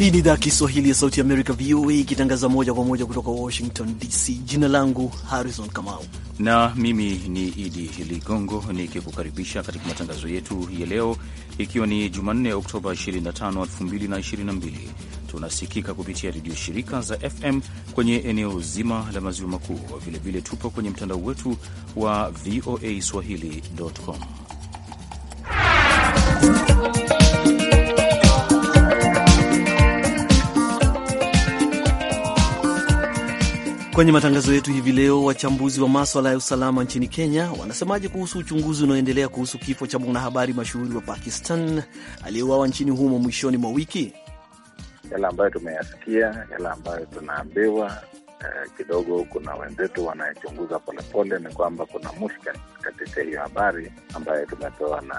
Hii ni idhaa Kiswahili ya Sauti Amerika, VOA, ikitangaza moja kwa moja kutoka Washington DC. Jina langu Harrison Kamau na mimi ni Idi Ligongo nikikukaribisha katika matangazo yetu ya leo, ikiwa ni Jumanne, Oktoba 25, 2022. Tunasikika kupitia redio shirika za FM kwenye eneo zima la maziwa makuu. Vilevile tupo kwenye mtandao wetu wa voa swahili.com Kwenye matangazo yetu hivi leo, wachambuzi wa maswala ya usalama nchini Kenya wanasemaje kuhusu uchunguzi unaoendelea kuhusu kifo cha mwanahabari mashuhuri wa Pakistan aliyeuawa nchini humo mwishoni mwa wiki? Yale ambayo tumeyasikia, yale ambayo tunaambiwa eh, kidogo kuna wenzetu wanayechunguza polepole, ni kwamba kuna mushka katika hiyo habari ambayo tumepewa na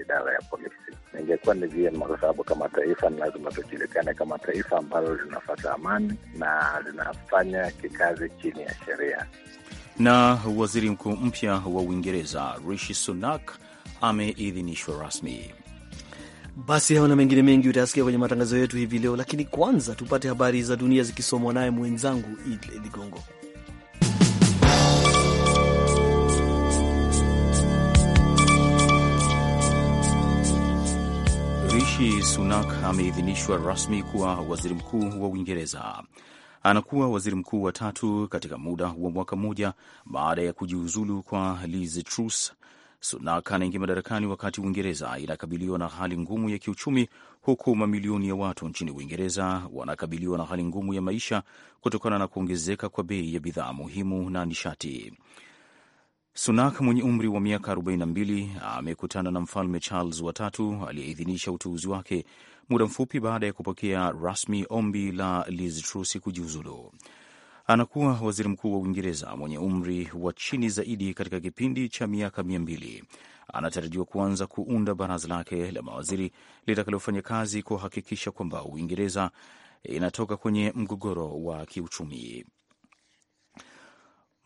idara ya polisi. Ningekuwa ni vyema, kwa sababu kama taifa ni lazima tujulikane kama taifa ambalo linafata amani na linafanya kikazi chini ya sheria. Na waziri mkuu mpya wa Uingereza Rishi Sunak ameidhinishwa rasmi. Basi hayo na mengine mengi utayasikia kwenye matangazo yetu hivi leo, lakini kwanza tupate habari za dunia zikisomwa naye mwenzangu Idi Ligongo. Rishi Sunak ameidhinishwa rasmi kuwa waziri mkuu wa Uingereza. Anakuwa waziri mkuu wa tatu katika muda wa mwaka mmoja baada ya kujiuzulu kwa Liz Truss Sunak anaingia madarakani wakati Uingereza inakabiliwa na hali ngumu ya kiuchumi, huku mamilioni ya watu nchini Uingereza wanakabiliwa na hali ngumu ya maisha kutokana na kuongezeka kwa bei ya bidhaa muhimu na nishati. Sunak mwenye umri wa miaka 42 amekutana na Mfalme Charles watatu aliyeidhinisha uteuzi wake muda mfupi baada ya kupokea rasmi ombi la Liz Truss kujiuzulu anakuwa waziri mkuu wa Uingereza mwenye umri wa chini zaidi katika kipindi cha miaka mia mbili. Anatarajiwa kuanza kuunda baraza lake la mawaziri litakalofanya kazi kuhakikisha kwamba Uingereza inatoka kwenye mgogoro wa kiuchumi.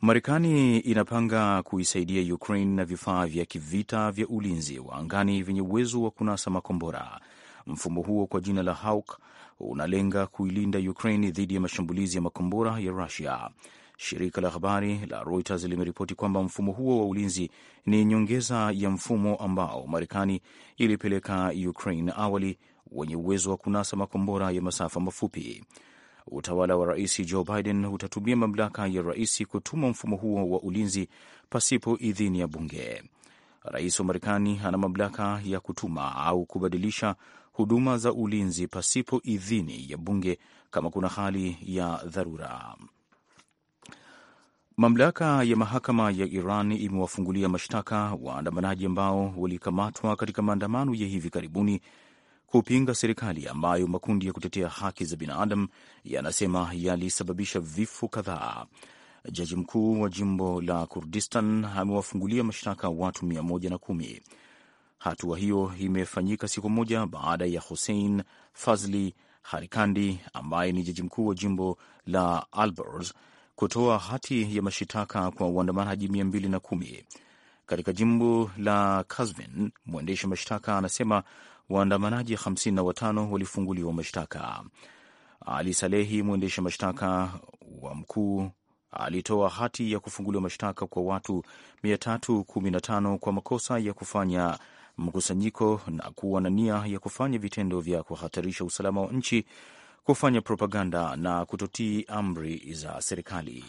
Marekani inapanga kuisaidia Ukraine na vifaa vya kivita vya ulinzi wa angani vyenye uwezo wa kunasa makombora. Mfumo huo kwa jina la Hawk unalenga kuilinda Ukraine dhidi ya mashambulizi ya makombora ya Rusia. Shirika la habari la Reuters limeripoti kwamba mfumo huo wa ulinzi ni nyongeza ya mfumo ambao Marekani ilipeleka Ukraine awali, wenye uwezo wa kunasa makombora ya masafa mafupi. Utawala wa Rais Joe Biden utatumia mamlaka ya rais kutuma mfumo huo wa ulinzi pasipo idhini ya bunge. Rais wa Marekani ana mamlaka ya kutuma au kubadilisha huduma za ulinzi pasipo idhini ya bunge kama kuna hali ya dharura. Mamlaka ya mahakama ya Iran imewafungulia mashtaka waandamanaji ambao walikamatwa katika maandamano ya hivi karibuni kupinga serikali ambayo makundi ya kutetea haki za binadamu yanasema yalisababisha vifo kadhaa. Jaji mkuu wa jimbo la Kurdistan amewafungulia mashtaka watu 110 Hatua hiyo imefanyika siku moja baada ya Hussein Fazli Harikandi ambaye ni jaji mkuu wa jimbo la Albers kutoa hati ya mashitaka kwa waandamanaji kumi katika jimbo la Kasvin. Mwendesha mashtaka anasema waandamanaji 55 walifunguliwa mashtaka. Ali Salehi, mwendesha mashtaka wa mkuu, alitoa hati ya kufunguliwa mashtaka kwa watu 315 kwa makosa ya kufanya mkusanyiko na kuwa na nia ya kufanya vitendo vya kuhatarisha usalama wa nchi, kufanya propaganda na kutotii amri za serikali.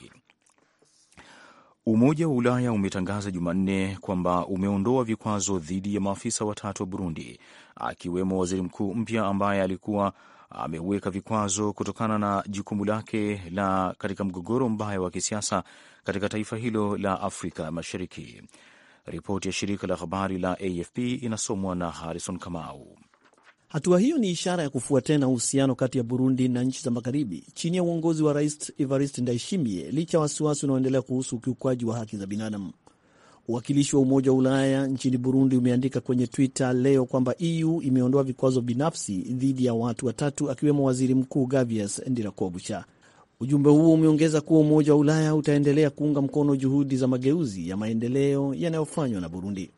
Umoja wa Ulaya umetangaza Jumanne kwamba umeondoa vikwazo dhidi ya maafisa watatu wa Burundi, akiwemo waziri mkuu mpya ambaye alikuwa ameweka vikwazo kutokana na jukumu lake la katika mgogoro mbaya wa kisiasa katika taifa hilo la Afrika Mashariki. Ripoti ya shirika la habari la AFP inasomwa na Harrison Kamau. Hatua hiyo ni ishara ya kufua tena uhusiano kati ya Burundi na nchi za magharibi chini ya uongozi wa Rais Evariste Ndayishimiye, licha ya wasiwasi unaoendelea kuhusu ukiukwaji wa haki za binadamu. Uwakilishi wa Umoja wa Ulaya nchini Burundi umeandika kwenye Twitter leo kwamba EU imeondoa vikwazo binafsi dhidi ya watu watatu akiwemo Waziri Mkuu Gavies Ndirakobusha. Ujumbe huo umeongeza kuwa Umoja wa Ulaya utaendelea kuunga mkono juhudi za mageuzi ya maendeleo yanayofanywa na Burundi.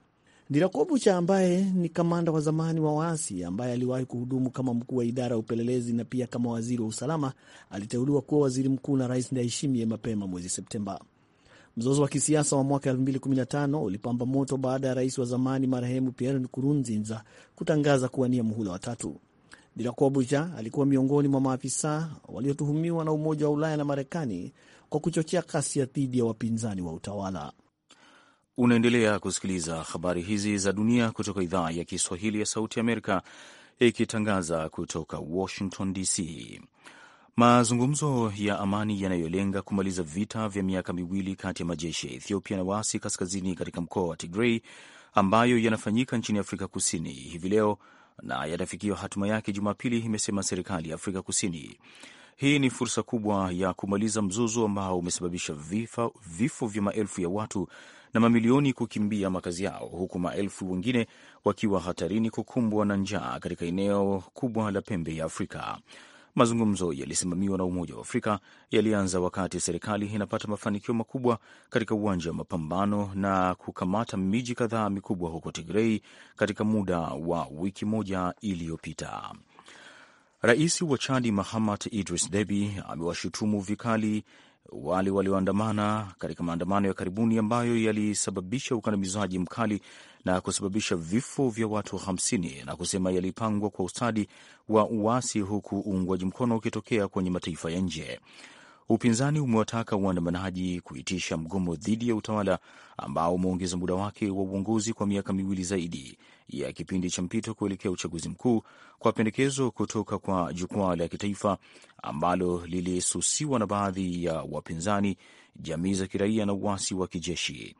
Dirakobucha ambaye ni kamanda wa zamani wa waasi ambaye aliwahi kuhudumu kama mkuu wa idara ya upelelezi na pia kama waziri wa usalama aliteuliwa kuwa waziri mkuu na Rais Ndayishimiye mapema mwezi Septemba. Mzozo wa kisiasa wa mwaka 2015 ulipamba moto baada ya rais wa zamani marehemu Pierre Nkurunziza kutangaza kuwania muhula watatu. Dirakobuja alikuwa miongoni mwa maafisa waliotuhumiwa na Umoja wa Ulaya na Marekani kwa kuchochea ghasia dhidi ya wapinzani wa utawala. Unaendelea kusikiliza habari hizi za dunia kutoka idhaa ya Kiswahili ya Sauti Amerika, ikitangaza kutoka Washington DC. Mazungumzo ya amani yanayolenga kumaliza vita vya miaka miwili kati ya majeshi ya Ethiopia na waasi kaskazini katika mkoa wa Tigrei ambayo yanafanyika nchini Afrika Kusini hivi leo na yatafikiwa hatima yake Jumapili, imesema serikali ya Afrika Kusini. Hii ni fursa kubwa ya kumaliza mzozo ambao umesababisha vifo vya maelfu ya watu na mamilioni kukimbia makazi yao, huku maelfu wengine wakiwa hatarini kukumbwa na njaa katika eneo kubwa la pembe ya Afrika. Mazungumzo yalisimamiwa na Umoja wa Afrika yalianza wakati serikali inapata mafanikio makubwa katika uwanja wa mapambano na kukamata miji kadhaa mikubwa huko Tigrei katika muda wa wiki moja iliyopita. Rais wa Chadi mahamad Idris debi amewashutumu vikali wale walioandamana katika maandamano ya karibuni ambayo yalisababisha ukandamizaji mkali na kusababisha vifo vya watu hamsini na kusema yalipangwa kwa ustadi wa uasi, huku uungwaji mkono ukitokea kwenye mataifa ya nje. Upinzani umewataka waandamanaji kuitisha mgomo dhidi ya utawala ambao umeongeza muda wake wa uongozi kwa miaka miwili zaidi ya kipindi cha mpito kuelekea uchaguzi mkuu, kwa pendekezo kutoka kwa jukwaa la kitaifa ambalo lilisusiwa na baadhi ya wapinzani, jamii za kiraia na uasi wa kijeshi.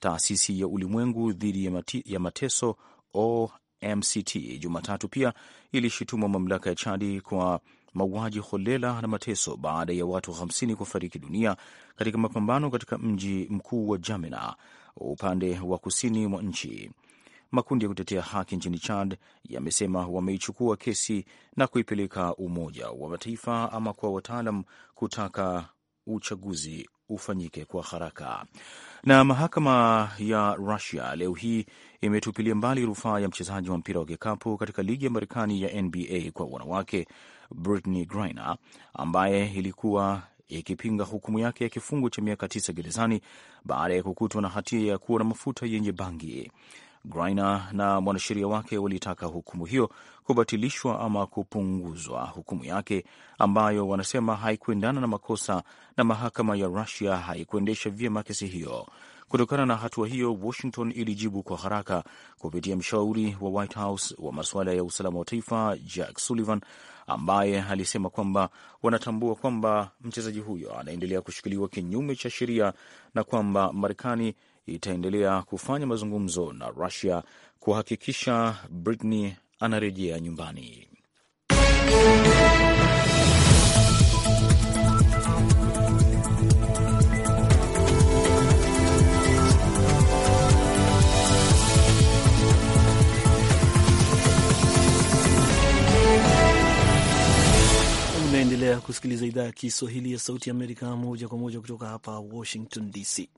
Taasisi ya Ulimwengu dhidi ya, mati, ya mateso OMCT Jumatatu pia ilishituma mamlaka ya Chadi kwa mauaji holela na mateso baada ya watu 50 kufariki dunia katika mapambano katika mji mkuu wa jamina upande wa kusini mwa nchi. Makundi ya kutetea haki nchini Chad yamesema wameichukua kesi na kuipeleka Umoja wa Mataifa ama kwa wataalam kutaka uchaguzi ufanyike kwa haraka. Na mahakama ya Rusia leo hii imetupilia mbali rufaa ya mchezaji wa mpira wa kikapu katika ligi ya Marekani ya NBA kwa wanawake Brittney Griner ambaye ilikuwa ikipinga hukumu yake ya kifungo cha miaka tisa gerezani baada ya kukutwa na hatia ya kuwa na mafuta yenye bangi. Griner na mwanasheria wake walitaka hukumu hiyo kubatilishwa ama kupunguzwa hukumu yake, ambayo wanasema haikuendana na makosa na mahakama ya Rusia haikuendesha vyema kesi hiyo. Kutokana na hatua hiyo, Washington ilijibu kwa haraka kupitia mshauri wa White House wa masuala ya usalama wa taifa Jack Sullivan, ambaye alisema kwamba wanatambua kwamba mchezaji huyo anaendelea kushikiliwa kinyume cha sheria na kwamba Marekani itaendelea kufanya mazungumzo na Rusia kuhakikisha Britney anarejea nyumbani. Unaendelea kusikiliza idhaa ya Kiswahili ya Sauti ya Amerika moja kwa moja kutoka hapa Washington DC.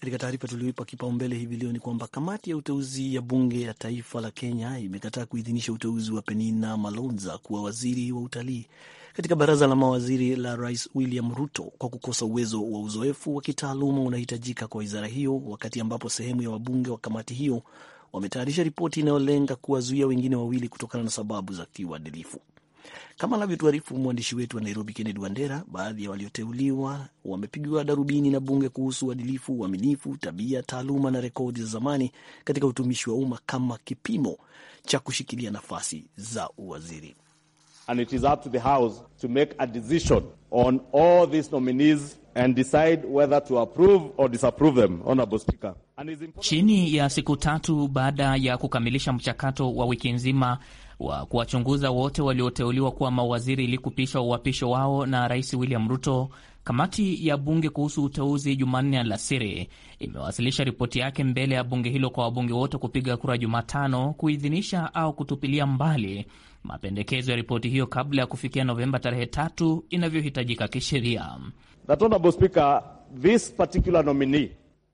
Katika taarifa tulioipa kipaumbele hivi leo ni kwamba kamati ya uteuzi ya bunge ya taifa la Kenya imekataa kuidhinisha uteuzi wa Penina Malonza kuwa waziri wa utalii katika baraza la mawaziri la Rais William Ruto kwa kukosa uwezo wa uzoefu wa kitaaluma unahitajika kwa wizara hiyo, wakati ambapo sehemu ya wabunge wa kamati hiyo wametayarisha ripoti inayolenga kuwazuia wengine wawili kutokana na sababu za kiuadilifu. Kama anavyotuarifu mwandishi wetu wa Nairobi, Kennedy Wandera, baadhi ya walioteuliwa wamepigiwa darubini na bunge kuhusu uadilifu, uaminifu, tabia, taaluma na rekodi za zamani katika utumishi wa umma kama kipimo cha kushikilia nafasi za uwaziri. And it is up to the House to make a decision on all these nominees and decide whether to approve or disapprove them, Honorable Speaker. Chini ya siku tatu baada ya kukamilisha mchakato wa wiki nzima wa kuwachunguza wote walioteuliwa kuwa mawaziri ili kupisha uapisho wao na Rais William Ruto, kamati ya bunge kuhusu uteuzi Jumanne alasiri imewasilisha ripoti yake mbele ya bunge hilo kwa wabunge wote kupiga kura Jumatano kuidhinisha au kutupilia mbali mapendekezo ya ripoti hiyo kabla ya kufikia Novemba tarehe tatu inavyohitajika kisheria.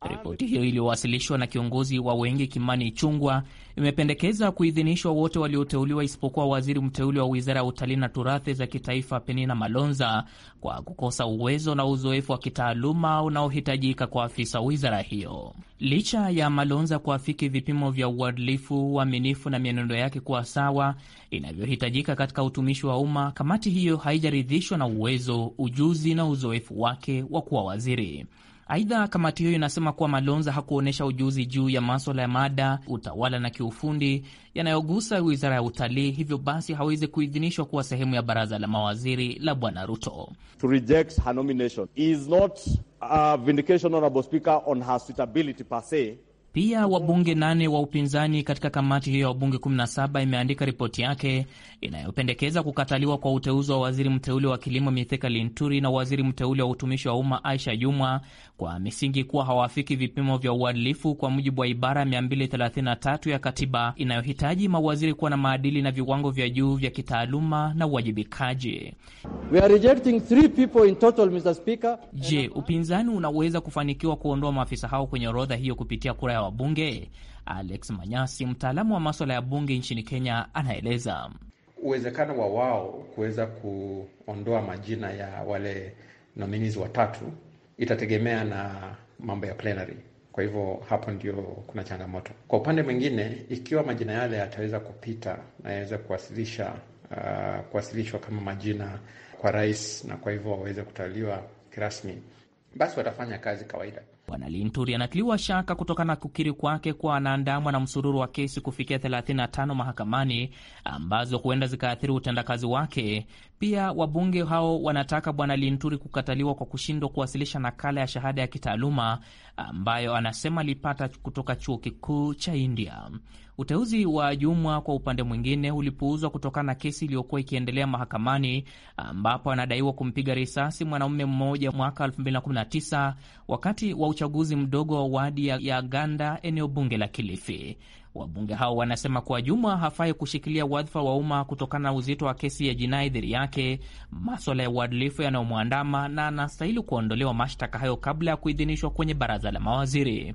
Ah, Ripoti hiyo iliyowasilishwa na kiongozi wa wengi Kimani chungwa imependekeza kuidhinishwa wote walioteuliwa isipokuwa waziri mteule wa wizara ya utalii na turathi za kitaifa Penina Malonza kwa kukosa uwezo na uzoefu wa kitaaluma unaohitajika kwa afisa wizara hiyo. Licha ya Malonza kuafiki vipimo vya uadilifu, uaminifu na mienendo yake kuwa sawa inavyohitajika katika utumishi wa umma, kamati hiyo haijaridhishwa na uwezo, ujuzi na uzoefu wake wa kuwa waziri. Aidha, kamati hiyo inasema kuwa Malonza hakuonyesha ujuzi juu ya maswala ya mada, utawala na kiufundi yanayogusa wizara ya utalii, hivyo basi hawezi kuidhinishwa kuwa sehemu ya baraza la mawaziri la Bwana Ruto. To reject her nomination is not a vindication, Honorable Speaker, on her suitability per se. Pia wabunge nane wa upinzani katika kamati hiyo ya wabunge 17 imeandika ripoti yake inayopendekeza kukataliwa kwa uteuzi wa waziri mteule wa kilimo Mithika Linturi na waziri mteule wa utumishi wa umma Aisha Jumwa kwa misingi kuwa hawafiki vipimo vya uadilifu kwa mujibu wa ibara 233 ya katiba inayohitaji mawaziri kuwa na maadili na viwango vya juu vya kitaaluma na uwajibikaji. Je, upinzani unaweza kufanikiwa kuondoa maafisa hao kwenye orodha hiyo kupitia kura ya wabunge? Alex Manyasi, mtaalamu wa maswala ya bunge nchini Kenya, anaeleza uwezekano wa wao kuweza kuondoa majina ya wale nominizi watatu itategemea na mambo ya plenary. Kwa hivyo hapo ndio kuna changamoto. Kwa upande mwingine, ikiwa majina yale yataweza kupita na yaweza kuwasilisha uh, kuwasilishwa kama majina kwa rais, na kwa hivyo waweze kutaliwa kirasmi, basi watafanya kazi kawaida. Bwana Linturi anatiliwa shaka kutokana na kukiri kwake kuwa anaandamwa na msururu wa kesi kufikia 35 mahakamani ambazo huenda zikaathiri utendakazi wake. Pia wabunge hao wanataka Bwana Linturi kukataliwa kwa kushindwa kuwasilisha nakala ya shahada ya kitaaluma ambayo anasema alipata kutoka chuo kikuu cha India. Uteuzi wa Jumwa kwa upande mwingine ulipuuzwa kutokana na kesi iliyokuwa ikiendelea mahakamani ambapo anadaiwa kumpiga risasi mwanaume mmoja mwaka 2019 wakati wa uchaguzi mdogo wa wadi ya Ganda, eneo bunge la Kilifi. Wabunge hao wanasema kuwa Jumwa hafai kushikilia wadhifa wa umma kutokana na uzito wa kesi ya jinai dhidi yake, maswala ya uadilifu yanayomwandama, na anastahili kuondolewa mashtaka hayo kabla ya kuidhinishwa kwenye baraza la mawaziri.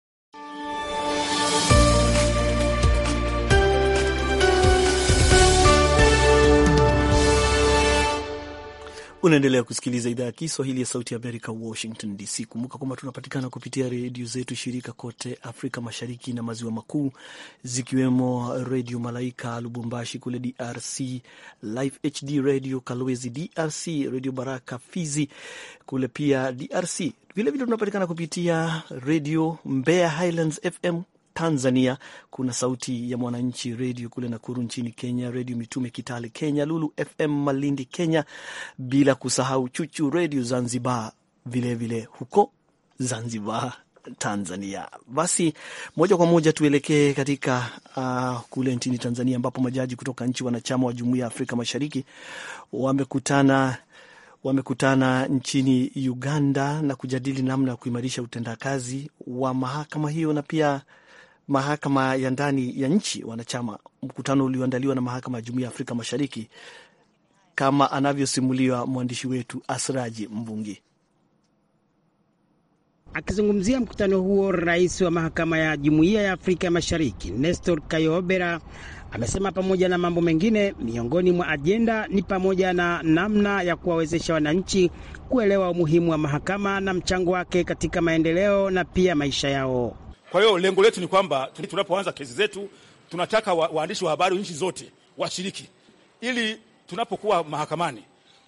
Unaendelea kusikiliza idhaa ya Kiswahili ya Sauti ya Amerika, Washington DC. Kumbuka kwamba tunapatikana kupitia redio zetu shirika kote Afrika Mashariki na Maziwa Makuu, zikiwemo Redio Malaika Lubumbashi kule DRC, Live HD Radio Kalwezi DRC, Redio Baraka Fizi kule pia DRC. Vilevile tunapatikana kupitia Redio Mbeya Highlands FM Tanzania, kuna Sauti ya Mwananchi redio kule Nakuru nchini Kenya, Redio Mitume Kitale Kenya, Lulu FM Malindi Kenya, bila kusahau Chuchu Redio Zanzibar vilevile vile huko Zanzibar Tanzania. Basi moja kwa moja tuelekee katika uh, kule nchini Tanzania ambapo majaji kutoka nchi wanachama wa Jumuiya ya Afrika Mashariki wamekutana wamekutana nchini Uganda na kujadili namna ya kuimarisha utendakazi wa mahakama hiyo na pia mahakama ya ndani ya nchi wanachama, mkutano ulioandaliwa na mahakama ya Jumuiya ya Afrika Mashariki, kama anavyosimuliwa mwandishi wetu Asraji Mvungi. Akizungumzia mkutano huo, rais wa mahakama ya Jumuiya ya Afrika Mashariki Nestor Kayobera amesema pamoja na mambo mengine, miongoni mwa ajenda ni pamoja na namna ya kuwawezesha wananchi kuelewa umuhimu wa mahakama na mchango wake katika maendeleo na pia maisha yao. Kwa hiyo lengo letu ni kwamba tunapoanza kesi zetu tunataka wa, waandishi wa habari nchi zote washiriki, ili tunapokuwa mahakamani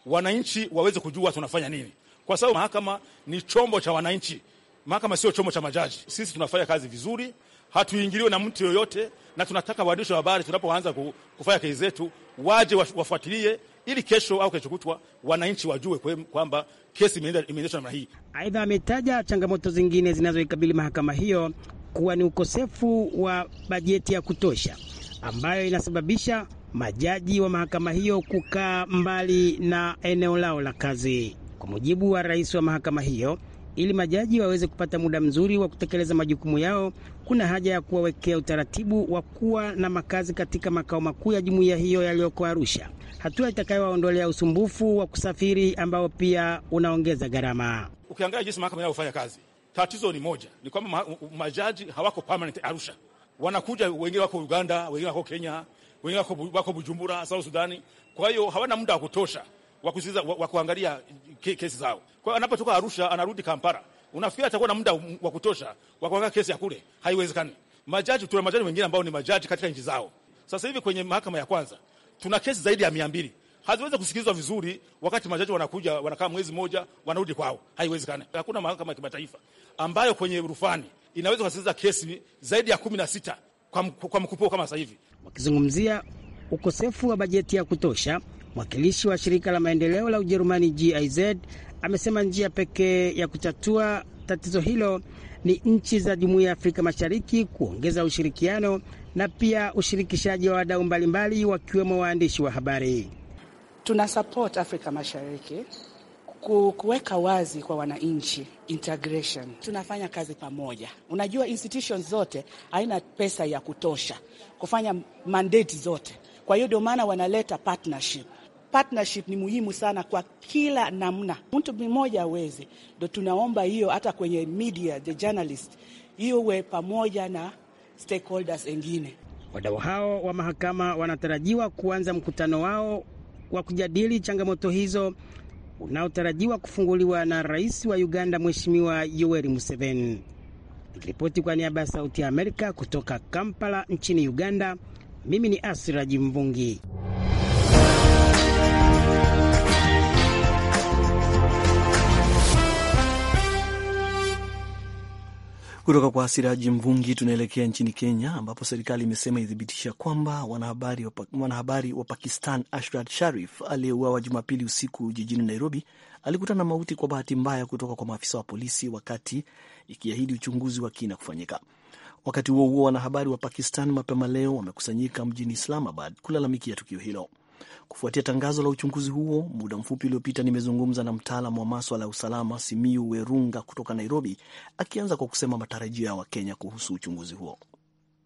wananchi waweze kujua tunafanya nini, kwa sababu mahakama ni chombo cha wananchi. Mahakama sio chombo cha majaji. Sisi tunafanya kazi vizuri, hatuingiliwe na mtu yoyote, na tunataka waandishi wa habari tunapoanza kufanya kesi zetu waje wafuatilie ili kesho au kesho kutwa wananchi wajue kwamba kesi imeendeshwa namna hii. Aidha, ametaja changamoto zingine zinazoikabili mahakama hiyo kuwa ni ukosefu wa bajeti ya kutosha ambayo inasababisha majaji wa mahakama hiyo kukaa mbali na eneo lao la kazi. Kwa mujibu wa rais wa mahakama hiyo ili majaji waweze kupata muda mzuri wa kutekeleza majukumu yao, kuna haja ya kuwawekea utaratibu wa kuwa na makazi katika makao makuu ya jumuiya hiyo yaliyoko Arusha, hatua itakayowaondolea usumbufu wa kusafiri ambao pia unaongeza gharama. Ukiangalia jinsi mahakama inavyofanya kazi, tatizo ni moja, ni kwamba majaji hawako permanent Arusha, wanakuja wengine wako Uganda, wengine wako Kenya, wengine wako Bujumbura, South Sudani. Kwa hiyo hawana muda wa kutosha wa kusikiliza wa kuangalia kesi zao. Kwa hiyo anapotoka Arusha anarudi Kampala, unafikiri atakuwa na muda wa kutosha wa kuangalia kesi ya kule? Haiwezekani. Majaji, tuna majaji wengine ambao ni majaji katika nchi zao. Sasa hivi kwenye mahakama ya kwanza tuna kesi zaidi ya mia mbili haziwezi kusikilizwa vizuri, wakati majaji wanakuja wanakaa mwezi mmoja wanarudi kwao. Haiwezekani. Hakuna mahakama ya kimataifa ambayo kwenye rufani inaweza kusikiliza kesi zaidi ya kumi na sita kwa mkupuo kama sasa hivi. Wakizungumzia ukosefu wa bajeti ya kutosha, Mwakilishi wa shirika la maendeleo la Ujerumani GIZ amesema njia pekee ya kutatua tatizo hilo ni nchi za jumuiya ya Afrika Mashariki kuongeza ushirikiano na pia ushirikishaji wa wadau mbalimbali wakiwemo waandishi wa habari. Tuna support Afrika Mashariki kuweka wazi kwa wananchi integration. Tunafanya kazi pamoja. Unajua, institutions zote haina pesa ya kutosha kufanya mandate zote, kwa hiyo ndio maana wanaleta partnership partnership ni muhimu sana kwa kila namna, mtu mmoja aweze. Ndo tunaomba hiyo, hata kwenye media the journalist iwe pamoja na stakeholders wengine. Wadau hao wa mahakama wanatarajiwa kuanza mkutano wao wa kujadili changamoto hizo unaotarajiwa kufunguliwa na rais wa Uganda Mheshimiwa Yoweri Museveni. Nikiripoti kwa niaba ya Sauti ya Amerika kutoka Kampala nchini Uganda, mimi ni Asiraji Mvungi. Kutoka kwa Siraji Mvungi tunaelekea nchini Kenya, ambapo serikali imesema ithibitisha kwamba mwanahabari wa, wa Pakistan ashrad Sharif aliyeuawa Jumapili usiku jijini Nairobi alikutana na mauti kwa bahati mbaya kutoka kwa maafisa wa polisi, wakati ikiahidi uchunguzi wa kina kufanyika. Wakati huo huo, wanahabari wa Pakistan mapema leo wamekusanyika mjini Islamabad kulalamikia tukio hilo. Kufuatia tangazo la uchunguzi huo, muda mfupi uliopita, nimezungumza na mtaalamu wa maswala ya usalama Simiu Werunga kutoka Nairobi, akianza kwa kusema matarajio ya Wakenya kuhusu uchunguzi huo.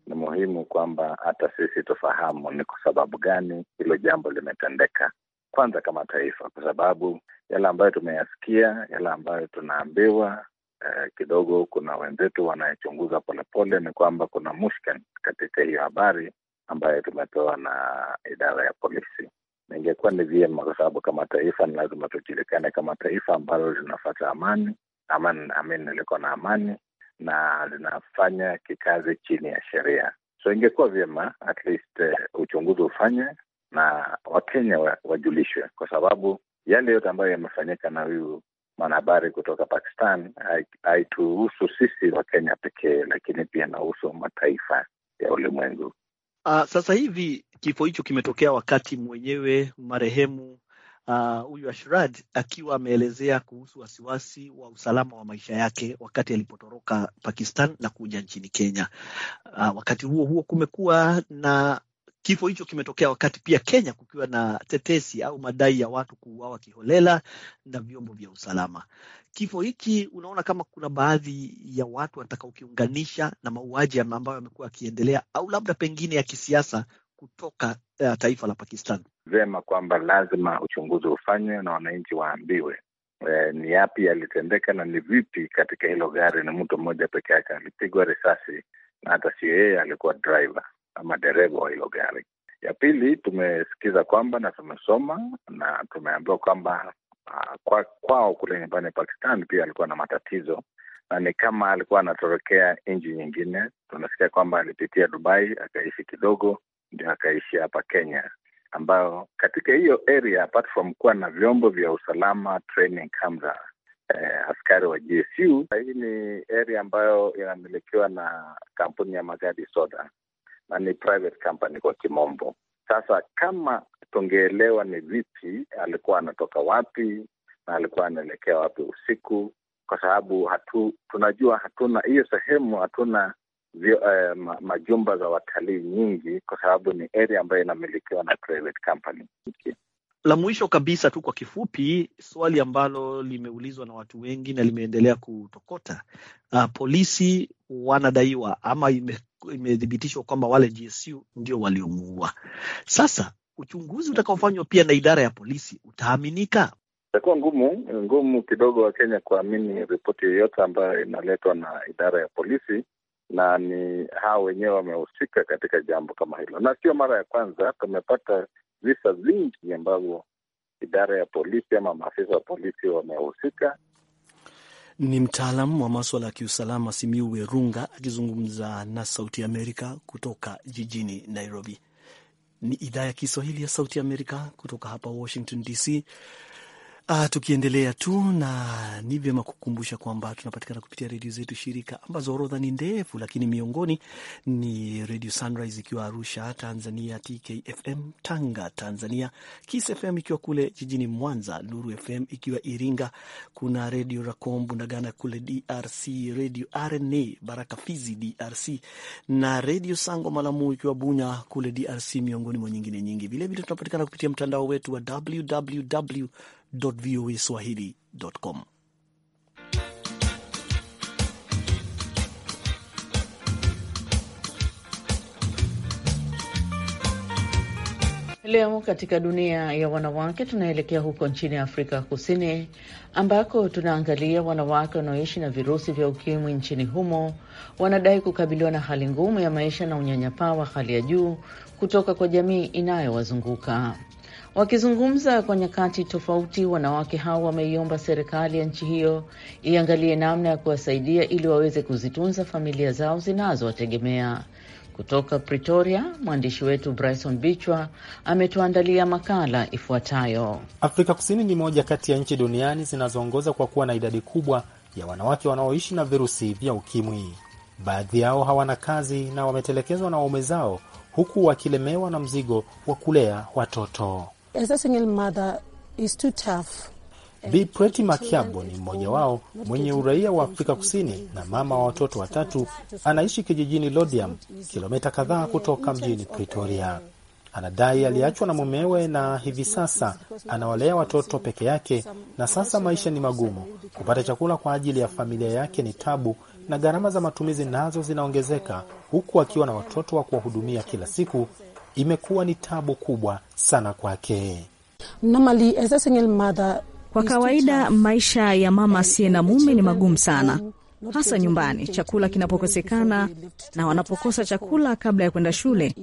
Ni muhimu kwamba hata sisi tufahamu ni kwa sababu gani hilo jambo limetendeka, kwanza kama taifa, kwa sababu yale ambayo tumeyasikia, yale ambayo tunaambiwa eh, kidogo kuna wenzetu wanayechunguza polepole, ni kwamba kuna mushkil katika hiyo habari ambayo tumepewa na idara ya polisi. ingekuwa ni vyema, kwa sababu kama taifa ni lazima tujulikane kama taifa ambalo linafata amani aman, amin, liko na amani na linafanya kikazi chini ya sheria. So ingekuwa vyema at least uh, uchunguzi ufanye na Wakenya wajulishwe, kwa sababu yale yote ambayo yamefanyika na huyu mwanahabari kutoka Pakistan haituhusu sisi Wakenya pekee, lakini pia nahusu mataifa ya ulimwengu. Uh, sasa hivi kifo hicho kimetokea wakati mwenyewe marehemu ah, huyu uh, Ashrad akiwa ameelezea kuhusu wasiwasi wa usalama wa maisha yake wakati alipotoroka Pakistan na kuja nchini Kenya. Uh, wakati huo huo kumekuwa na Kifo hicho kimetokea wakati pia Kenya kukiwa na tetesi au madai ya watu kuuawa kiholela na vyombo vya usalama. Kifo hiki unaona kama kuna baadhi ya watu wanataka ukiunganisha na mauaji ambayo yamekuwa yakiendelea au labda pengine ya kisiasa kutoka uh, taifa la Pakistan. Vema kwamba lazima uchunguzi ufanywe na wananchi waambiwe e, ni yapi yalitendeka na ni vipi katika hilo gari. Ni mtu mmoja peke yake alipigwa risasi na hata sio yeye, alikuwa driver madereva wa hilo gari. Ya pili, tumesikiza kwamba na tumesoma na tumeambiwa kwamba ah, kwa, kwao kule nyumbani Pakistan pia alikuwa na matatizo na ni kama alikuwa anatorokea nchi nyingine. Tunasikia kwamba alipitia Dubai akaishi kidogo, ndio akaishi hapa Kenya, ambayo katika hiyo area apart from kuwa na vyombo vya usalama training camera eh, askari wa GSU. Hii ni area ambayo inamilikiwa na kampuni ya Magadi Soda na ni private company kwa kimombo. Sasa kama tungeelewa ni vipi alikuwa anatoka wapi na alikuwa anaelekea wapi usiku, kwa sababu hatu, tunajua hatuna hiyo sehemu, hatuna vio, eh, majumba za watalii nyingi, kwa sababu ni area ambayo inamilikiwa na private company la mwisho kabisa tu kwa kifupi, swali ambalo limeulizwa na watu wengi na limeendelea kutokota. Uh, polisi wanadaiwa ama imethibitishwa ime kwamba wale GSU ndio waliomuua. Sasa uchunguzi utakaofanywa pia na idara ya polisi utaaminika? Itakuwa ngumu ngumu kidogo wa Kenya kuamini ripoti yoyote ambayo inaletwa na idara ya polisi, na ni hao wenyewe wamehusika katika jambo kama hilo, na sio mara ya kwanza tumepata visa vingi ambavyo idara ya polisi ama maafisa wa polisi wamehusika. Ni mtaalam wa maswala ya kiusalama Simiu Werunga akizungumza na Sauti Amerika kutoka jijini Nairobi. Ni idhaa ya Kiswahili ya Sauti Amerika kutoka hapa Washington DC. Uh, tukiendelea tu na ni vyema kukumbusha kwamba tunapatikana kupitia redio zetu shirika ambazo orodha ni ndefu, lakini miongoni ni Radio Sunrise ikiwa Arusha Tanzania, TKFM Tanga Tanzania, Kiss FM ikiwa kule jijini Mwanza, Nuru FM ikiwa Iringa, kuna Radio Rakombu na Gana kule DRC, Radio RNA Baraka Fizi DRC, na Radio Sango Malamu ikiwa Bunya kule DRC, miongoni mwa nyingine nyingi. Vilevile tunapatikana kupitia mtandao wetu wa www voa Leo katika dunia ya wanawake tunaelekea huko nchini Afrika Kusini ambako tunaangalia wanawake wanaoishi na virusi vya ukimwi nchini humo. Wanadai kukabiliwa na hali ngumu ya maisha na unyanyapaa wa hali ya juu kutoka kwa jamii inayowazunguka. Wakizungumza kwa nyakati tofauti, wanawake hao wameiomba serikali ya nchi hiyo iangalie namna ya kuwasaidia ili waweze kuzitunza familia zao zinazowategemea. Kutoka Pretoria, mwandishi wetu Bryson Bichwa ametuandalia makala ifuatayo. Afrika Kusini ni moja kati ya nchi duniani zinazoongoza kwa kuwa na idadi kubwa ya wanawake wanaoishi na virusi vya ukimwi. Baadhi yao hawana kazi na wametelekezwa na waume zao, huku wakilemewa na mzigo wa kulea watoto. Bi Preti Makiabo ni mmoja wao, mwenye uraia wa Afrika Kusini na mama wa watoto watatu, anaishi kijijini Lodiam, kilomita kadhaa kutoka mjini Pretoria. Anadai aliachwa na mumewe na hivi sasa anawalea watoto peke yake, na sasa maisha ni magumu. Kupata chakula kwa ajili ya familia yake ni tabu, na gharama za matumizi nazo zinaongezeka, huku akiwa na watoto wa kuwahudumia kila siku imekuwa ni tabu kubwa sana kwake. Kwa kawaida maisha ya mama asiye na mume ni magumu sana hasa nyumbani, chakula kinapokosekana na wanapokosa chakula kabla ya kwenda shule,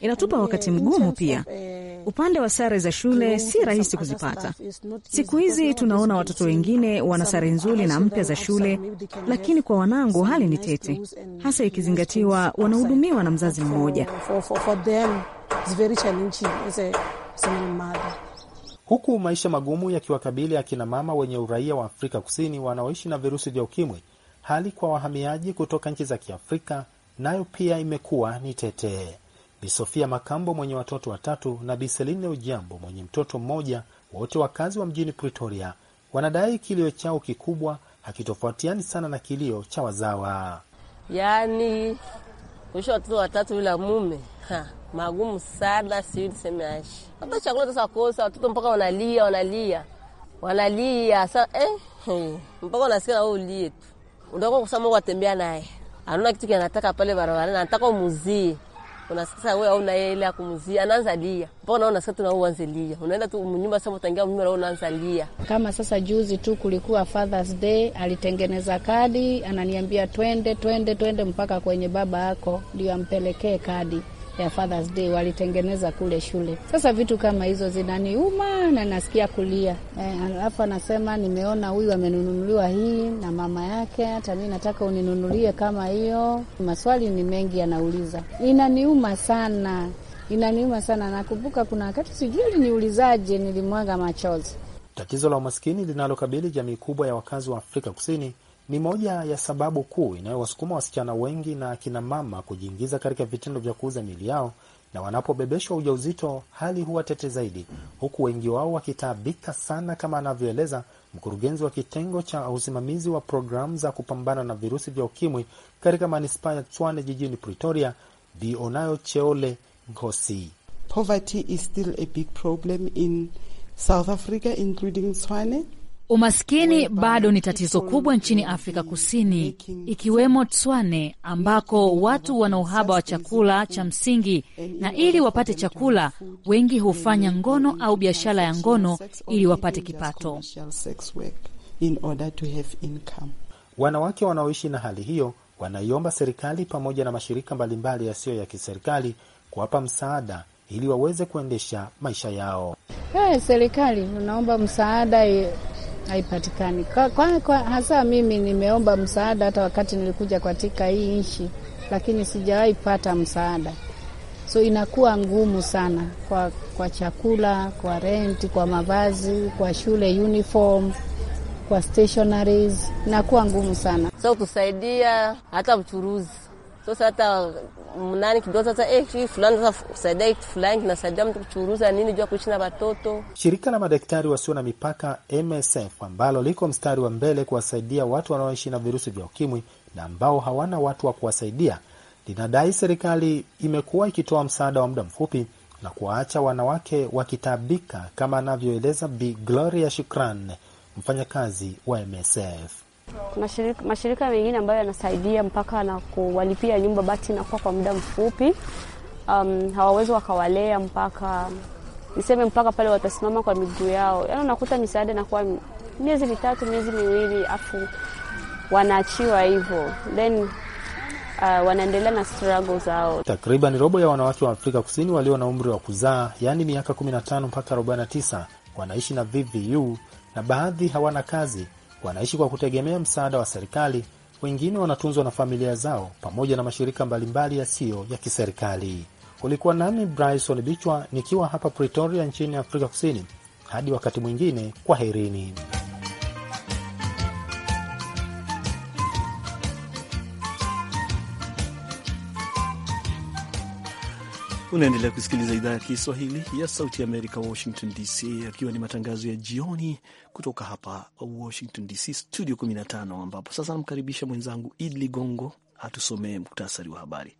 inatupa wakati mgumu. Pia upande wa sare za shule si rahisi kuzipata siku hizi. Tunaona watoto wengine wana sare nzuri na mpya za shule, lakini kwa wanangu hali ni tete, hasa ikizingatiwa wanahudumiwa na mzazi mmoja. Huku maisha magumu yakiwakabili akina mama wenye uraia wa Afrika Kusini wanaoishi na virusi vya ukimwi hali kwa wahamiaji kutoka nchi za Kiafrika nayo pia imekuwa ni tete. Bi Sofia Makambo mwenye watoto watatu na Bi Seline Ujambo mwenye mtoto mmoja, wote wakazi wa mjini Pretoria, wanadai kilio chao kikubwa hakitofautiani sana na kilio cha wazawa. Yaani kuisha watoto watatu bila mume ha, magumu sana, siu niseme ashi hata chakula sasa kosa, watoto mpaka wanalia wanalia wanalia sa, eh, mpaka wanasikia na wao ulie tu Unataka kusema watembea naye. Anaona kitu kinataka pale barabarani, anataka umuzie. Unasikia wewe au na yeye ile akumzie, anaanza lia. Mbona unasikia tuna uanze lia? Unaenda tu mnyumba sasa utangia mnyumba na unaanza lia. Kama sasa juzi tu kulikuwa Father's Day, alitengeneza kadi, ananiambia twende twende twende mpaka kwenye baba yako ndio ampelekee kadi ya Father's Day walitengeneza kule shule. Sasa vitu kama hizo zinaniuma na nasikia kulia. Eh, alafu e, anasema nimeona huyu amenunuliwa hii na mama yake, hata mi nataka uninunulie kama hiyo. Maswali ni mengi yanauliza, inaniuma sana, inaniuma sana. Nakumbuka kuna wakati sijui niulizaje, nilimwaga machozi. Tatizo la umaskini linalokabili jamii kubwa ya wakazi wa Afrika Kusini ni moja ya sababu kuu inayowasukuma wasichana wengi na akina mama kujiingiza katika vitendo vya kuuza mili yao, na wanapobebeshwa ujauzito hali huwa tete zaidi, huku wengi wao wakitaabika sana, kama anavyoeleza mkurugenzi wa kitengo cha usimamizi wa programu za kupambana na virusi vya ukimwi katika manispaa ya Tshwane jijini Pretoria, Bionayo Cheole Nkosi. Poverty is still a big problem in South Africa including Tshwane. Umaskini bado ni tatizo kubwa nchini Afrika Kusini, ikiwemo Tswane ambako watu wana uhaba wa chakula cha msingi, na ili wapate chakula, wengi hufanya ngono au biashara ya ngono ili wapate kipato. Wanawake wanaoishi na hali hiyo wanaiomba serikali pamoja na mashirika mbalimbali yasiyo ya kiserikali kuwapa msaada ili waweze kuendesha maisha yao. Hey, eh, serikali unaomba msaada eh, haipatikani kwa, kwa, hasa mimi nimeomba msaada hata wakati nilikuja katika hii nchi, lakini sijawahi pata msaada, so inakuwa ngumu sana kwa, kwa chakula, kwa renti, kwa mavazi, kwa shule uniform kwa stationaries inakuwa ngumu sana, so kusaidia hata uchuruzi sasa hata mnani kidogo sasa, eh, hii fulani sasa kusaidia fulani kinasaidia mtu kuchuruza nini jua kuishi na watoto. Shirika la madaktari wasio na mipaka MSF ambalo liko mstari wa mbele kuwasaidia watu wanaoishi na virusi vya ukimwi na ambao hawana watu wa kuwasaidia linadai serikali imekuwa ikitoa msaada wa muda mfupi na kuwaacha wanawake wakitabika, kama anavyoeleza Bi Gloria Shukran, mfanyakazi wa MSF. Mashirika, mashirika mengine ambayo yanasaidia mpaka na kuwalipia nyumba bati inakuwa kwa muda mfupi. Um, hawawezi wakawalea mpaka niseme mpaka pale watasimama kwa miguu yao. Yaani unakuta misaada inakuwa miezi mitatu, miezi miwili, afu wanaachiwa hivyo then Uh, wanaendelea na struggle zao. Takriban robo ya wanawake wa Afrika Kusini walio na umri wa kuzaa, yaani miaka 15 mpaka 49, wanaishi na VVU na baadhi hawana kazi wanaishi kwa kutegemea msaada wa serikali, wengine wanatunzwa na familia zao pamoja na mashirika mbalimbali yasiyo ya kiserikali. Ulikuwa nami Bryson Bichwa nikiwa hapa Pretoria nchini Afrika Kusini. Hadi wakati mwingine, kwaherini. Unaendelea kusikiliza idhaa ya Kiswahili ya Sauti ya Amerika, Washington DC, akiwa ni matangazo ya jioni kutoka hapa Washington DC, studio 15, ambapo sasa namkaribisha mwenzangu Idli Ligongo atusomee muktasari wa habari.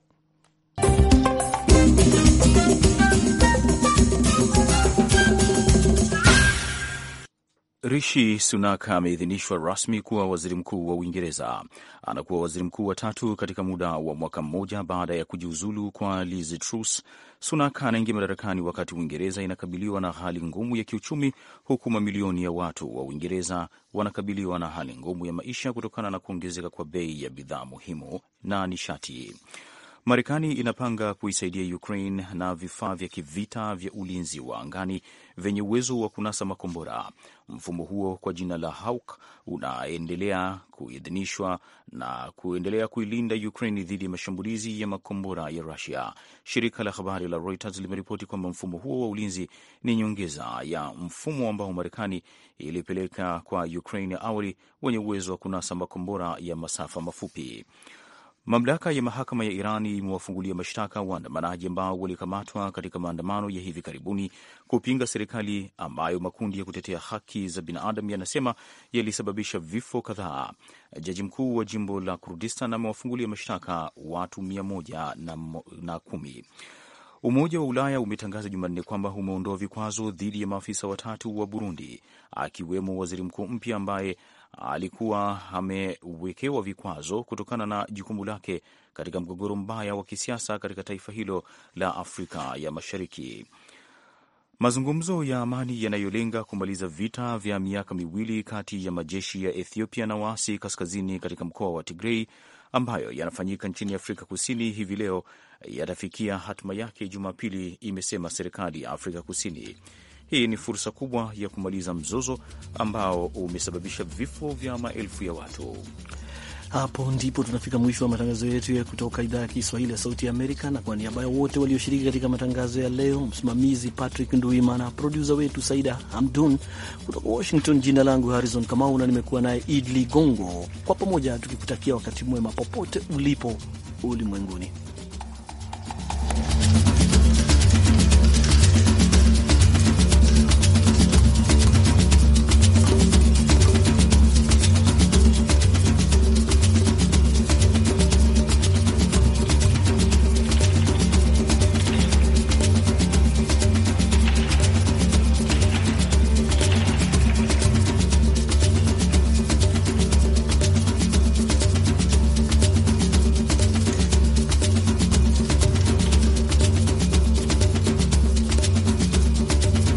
Rishi Sunak ameidhinishwa rasmi kuwa waziri mkuu wa Uingereza. Anakuwa waziri mkuu wa tatu katika muda wa mwaka mmoja baada ya kujiuzulu kwa Liz Truss. Sunak anaingia madarakani wakati Uingereza inakabiliwa na hali ngumu ya kiuchumi, huku mamilioni ya watu wa Uingereza wanakabiliwa na hali ngumu ya maisha kutokana na kuongezeka kwa bei ya bidhaa muhimu na nishati. Marekani inapanga kuisaidia Ukraine na vifaa vya kivita vya ulinzi wa angani vyenye uwezo wa kunasa makombora. Mfumo huo kwa jina la Hawk unaendelea kuidhinishwa na kuendelea kuilinda Ukraine dhidi ya mashambulizi ya makombora ya Rusia. Shirika la habari la Reuters limeripoti kwamba mfumo huo wa ulinzi ni nyongeza ya mfumo ambao Marekani ilipeleka kwa Ukraine awali wenye uwezo wa kunasa makombora ya masafa mafupi. Mamlaka ya mahakama ya Iran imewafungulia mashtaka waandamanaji ambao walikamatwa katika maandamano ya hivi karibuni kupinga serikali ambayo makundi ya kutetea haki za binadamu yanasema yalisababisha vifo kadhaa. Jaji mkuu wa jimbo la Kurdistan amewafungulia mashtaka watu mia moja na kumi. Umoja wa Ulaya umetangaza Jumanne kwamba umeondoa vikwazo dhidi ya maafisa watatu wa Burundi, akiwemo waziri mkuu mpya ambaye alikuwa amewekewa vikwazo kutokana na jukumu lake katika mgogoro mbaya wa kisiasa katika taifa hilo la Afrika ya Mashariki. Mazungumzo ya amani yanayolenga kumaliza vita vya miaka miwili kati ya majeshi ya Ethiopia na waasi kaskazini katika mkoa wa Tigrei ambayo yanafanyika nchini Afrika Kusini hivi leo yatafikia hatima yake Jumapili, imesema serikali ya Afrika Kusini. Hii ni fursa kubwa ya kumaliza mzozo ambao umesababisha vifo vya maelfu ya watu. Hapo ndipo tunafika mwisho wa matangazo yetu ya kutoka idhaa ya Kiswahili ya Sauti ya Amerika, na kwa niaba ya wote walioshiriki katika matangazo ya leo, msimamizi Patrick Nduimana, produsa wetu Saida Hamdun kutoka Washington. Jina langu Harrison Kamau na nimekuwa naye Idli Gongo, kwa pamoja tukikutakia wakati mwema popote ulipo ulimwenguni.